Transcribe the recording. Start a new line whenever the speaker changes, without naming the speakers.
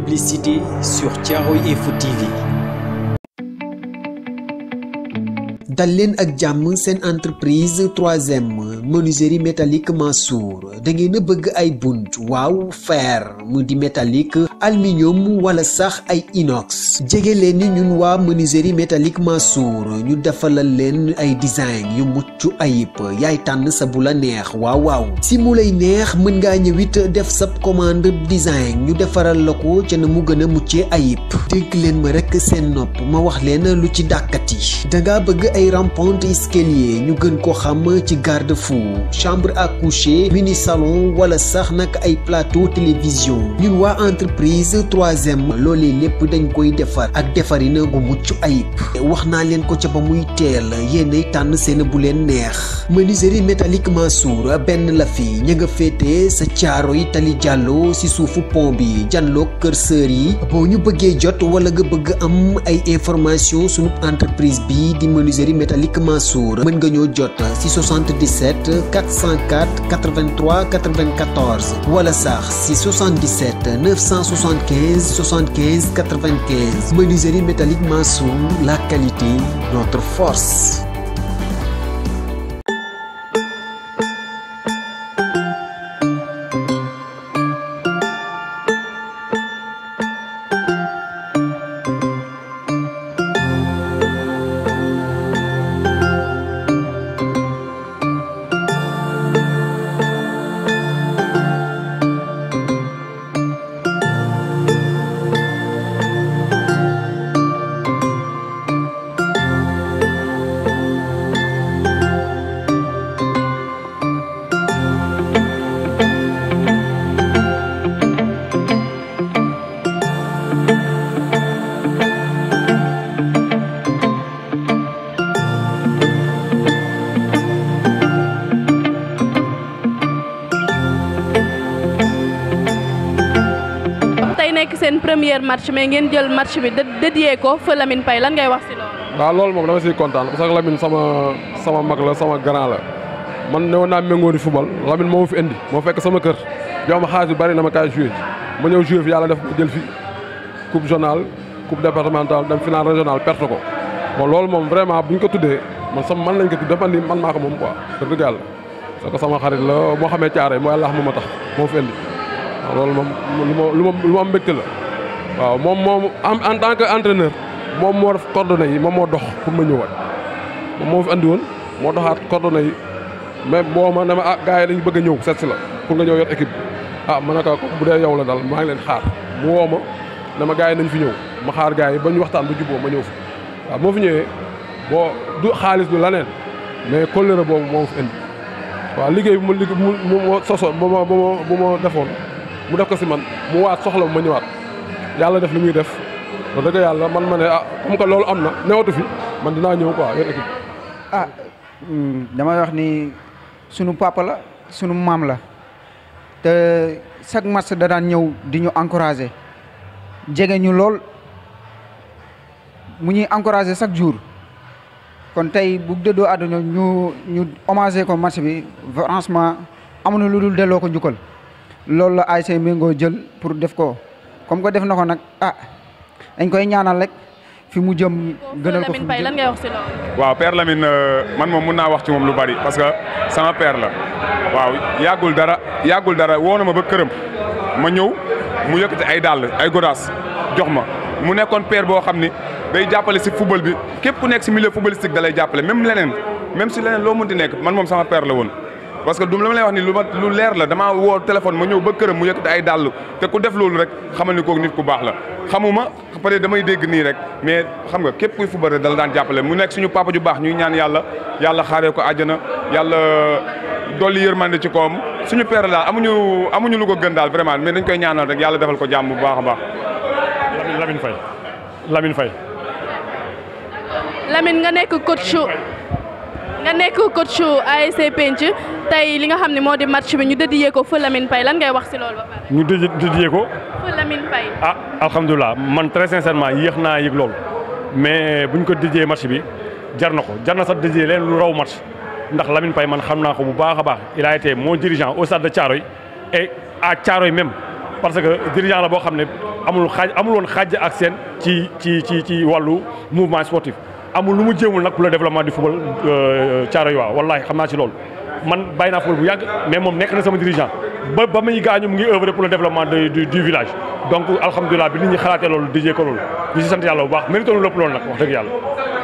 publicité sur Tiaroy Info c'est une entreprise 3 menuiserie metalik Mansour dengan ngeen bëgg ay bunt waaw fer mu di métallique aluminium wala sax ay inox jege leen ni ñun waa menuiserie métallique Mansour ñu defalal leen ay design yu mutu ayib yaay tànn sa bu wow. neex waaw waaw si mu lay neex mën ngaa def sab commande design ñu defaral la ko ca na mu gën a muccee ayib dégg leen ma rek seen nopp ma wax leen lu ci dàkkati da ngaa bëgg ay rampante escalier ñu gën ko xam ci garde fou chambre à coucher mini salon wala sax nag ay plateau télévision ñun waa entreprise troisième loolee lépp dañ koy defar ak defarina gu mucc ayib wax naa leen ko ca ba muy teel yéenay tànn seen bu leen neex menuiserie métallique Mansour benn la fi ña nga féete sa caaro yi tali jàllo si suufu pont bi janloog kër sër yi boo ñu bëggee jot wala nga bëgg am ay information sunu entreprise bi di menuiserie métallique Mansour mën nga ñoo jot si 77 404 83 94 wala 677 975 75 95 menuiserie métallique Mansour la qualité notre force.
Sen premier match mais ngeen jël match bi dédié ko fa Lamine pay lan ngay wax ci
loolu. waaw loolu mom dama ci kontaan parce que Lamine sama sama mag la sama grand la man ne na naa di football Lamine mo fi indi mo fekk sama kër jom ma bari na ma ka jouer ma ñew jouer fi def jël fi coupe journal, coupe départementale dem finale régionale perte ko bon loolu mom vraiment buñ ko tuddé man sama man lañ ko tuddee man ni man mako mom quoi deug yalla sama xarit la boo xamee caare mooy Allah ma ma tax mo fi indi. loolu moom lu ma lu ma am la waaw moom moom en tant que entraîneur moom moo def coordonnées yi moom moo dox pour ma ñëwaat moom moo fi andi woon moo doxaat coordonnées yi mais boo ma ne ma gars yi dañu bëgg a ñëw seet si la pour nga ñëw yor équipe bi ah ma ne ko bu dee yow la daal maa ngi leen xaar mu woo ma na ma gars yi nañ fi ñëw ma xaar gars yi ba ñu waxtaan ba juboo ma ñëw fi waaw moo fi ñëwee boo du xaalis du laneen mais kóllëre boobu moo fi indi waaw liggéey bu ma liggéey bu ma sosoo bu bu ma bu ma defoon. mu def ko si man mu waat soxla ma ñëwaat yàlla def li muy def wax dëgg yàlla man ma ne ah comme que loolu am na newatu fi man dinaa ñëw quoi yor équipe. ah
hmm, dama wax ni sunu papa la sunu maam la te chaque match da daan ñëw di ñu encourager jege ñu lool mu ñuy encourager chaque jour. kon tey bu dëddoo àdduna ñu ñu hommagé ko match bi franchement amuñu lu dul delloo ko njukkal loolu la ASC Mengo jël pour def ko comme que def na ko nag ah dañ koy ñaanal rek fi mu jëm. gënal ko fi mu jëm lan
ngay wax si euh, man moom mun naa wax ci moom lu bari parce que sama père la waaw yàggul dara yàggul dara woo na ma ba këram ma ñëw mu yëkkati ay dàll ay godaas jox ma mu nekkoon père boo xam ni day jàppale si football bi képp ku nekk si milieu footballistique da lay jàppale même leneen même si leneen loo mënti nekk man moom sama père la woon. parce que du ma lay wax ni lu ma leer la damaa woo téléphone ma ñëw ba këram mu yëkkati ay dàll te ku def loolu rek xamal ni kooku nit ku baax la xamuma peut être damay dégg nii rek mais xam nga képp kuy football rek dala daan jàppale mu nekk suñu papa ju baax ñuy ñaan yàlla yàlla xaare ko àjjana yàlla dolli yërmande ci koom suñu pere daal amuñu amuñu lu ko gën daal vraiment mais nañ koy ñaanal rek yàlla defal ko jàmm bu baax a baax. Lamine Faye Lamine nga nekk coach nga nekk tey li nga xam ne moo di match bi ñu dédiyee ko feu Lamine ngay wax si loolu ba
pare. ko.
feu Lamine Paye.
ah alhamdulilah man très sincèrement yéex naa yëg lool mais bu ñu ko dédiyee match bi jar na ko jar na sax dédiyee leen lu raw match ndax lamin Paye man xam naa ko bu baax a baax il a moo mon dirigeant au stade de Thiaroye et à Thiaroye même parce que dirigeant la boo xam ne amul xaaj amul woon xaaj ak seen ci ci ci ci wàllu mouvement sportif amul lu mu jéemul nag pour le développement du football euh, Thiaroye waaw wallaahi xam naa ci loolu. man bàyyi naa football bu yàgg mais moom nekk na sama dirigeant ba ba muy gaañu mu ngi œuvrer pour le développement du village donc alhamdulilah bi nit ñi xalaatee loolu dijee ko loolu ñu si sant yàlla bu baax mérité lu lépp loolu nag wax dëgg yàlla